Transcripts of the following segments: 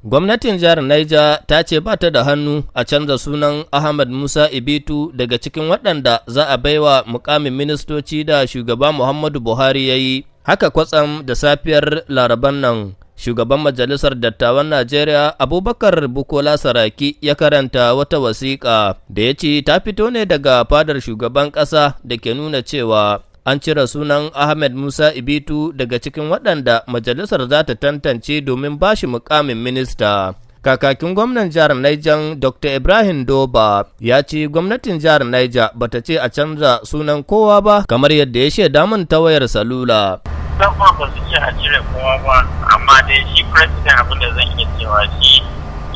Gwamnatin jihar Niger ta ce ba ta da hannu a canza sunan Ahmad Musa Ibitu daga cikin waɗanda za a baiwa mukamin ministoci da shugaba Muhammadu Buhari ya yi. Haka kwatsam da safiyar laraban nan, shugaban Majalisar Dattawan Najeriya Abubakar Bukola Saraki ya karanta wata wasiƙa da ya ce ta fito ne daga fadar shugaban ƙasa da ke nuna cewa an cire sunan Ahmed Musa Ibitu daga cikin waɗanda majalisar za ta tantance domin ba shi mukamin minista. Kakakin gwamnan jihar Niger Dr. Ibrahim Doba ya ce gwamnatin jihar Niger ta ce a canza sunan kowa ba kamar yadda ya shaida damun ta wayar salula. Zan ba ba a cire kowa ba, amma dai shi president abin da zan iya cewa shi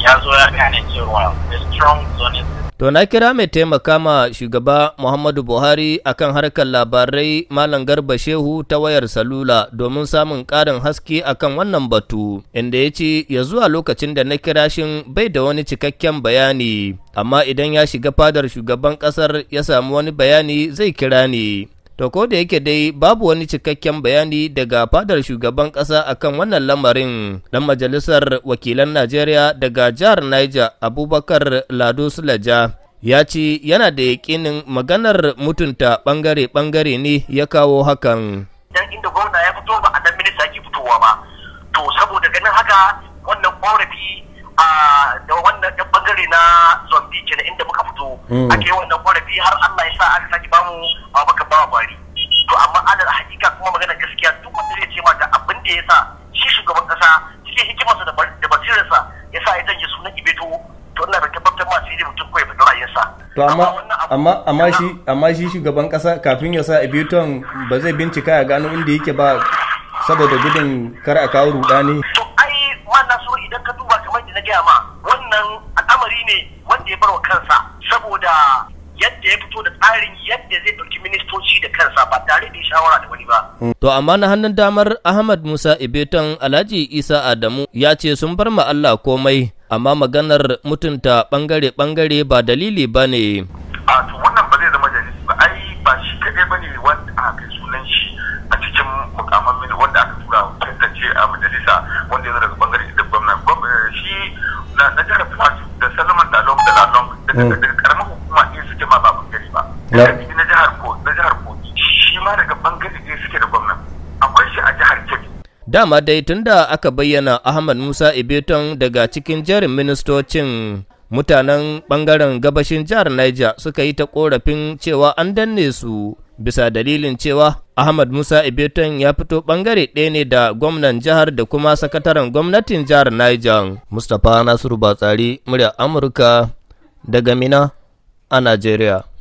ya zo ya gane cewa the strong zone To na kira mai taimaka ma shugaba Muhammadu Buhari akan harkar labarai Malam Garba Shehu ta wayar salula domin samun ƙarin haske akan wannan batu, inda ya ce ya zuwa lokacin da na kira shi bai da wani cikakken bayani, amma idan ya shiga fadar shugaban ƙasar ya samu wani bayani zai kira ni. To ko da yake dai babu wani cikakken bayani daga fadar shugaban ƙasa akan wannan lamarin dan majalisar wakilan Najeriya daga jihar Niger Abubakar Lado Sulaja ya ce yana da yakinin maganar mutunta bangare-bangare ne ya kawo hakan. dan inda gwamna ya fito ba a minista ki fitowa ba. To saboda ganin haka wannan korafi a da wannan bangare na zombi kenan inda Mm. ake yi wannan ƙorafi har Allah ya sa aka saki bamu baka ba bari to amma alal hakika kuma magana gaskiya duk wanda zai ce ma da abin da ya sa shi shugaban kasa cikin hikimarsa da basirarsa ya sa ya janye sunan Ibeto to ina da tabbatar ma sai mutum ko ya fita ra'ayinsa to amma amma amma shi amma shi shugaban kasa kafin ya sa Ibeton ba zai bincika ya gano inda yake ba saboda gudun kar a kawo rudani to ai ma so idan ka duba kamar da na gaya ma wannan al'amari ne wanda ya bar wa kansa ba tare da shawara da wani ba. To amma na hannun damar Ahmad Musa Ibeton Alhaji Isa Adamu ya ce sun bar ma Allah komai amma maganar mutunta bangare-bangare ba dalili ba ne. A to wannan ba zai zama dalili ba ai ba shi kaɗai ba ne wanda aka kai sunan shi a cikin mukamman mini wanda aka tura ce a majalisa wanda ya daga bangare da gwamna. Eh, shi na jihar Plateau da Salman Dalong da Lalong da mm. ma daga bangare ne suke da gwamnan akwai shi a jihar kebbi dama dai tunda aka bayyana ahmad musa ibeton daga cikin jarin ministocin mutanen bangaren gabashin jihar niger suka yi ta korafin cewa an danne su bisa dalilin cewa Ahmad Musa Ibeton ya fito bangare ɗaya ne da gwamnan jihar da kuma sakataren gwamnatin jihar Niger. Mustapha Nasiru Batsari, murya Amurka daga Mina a Najeriya.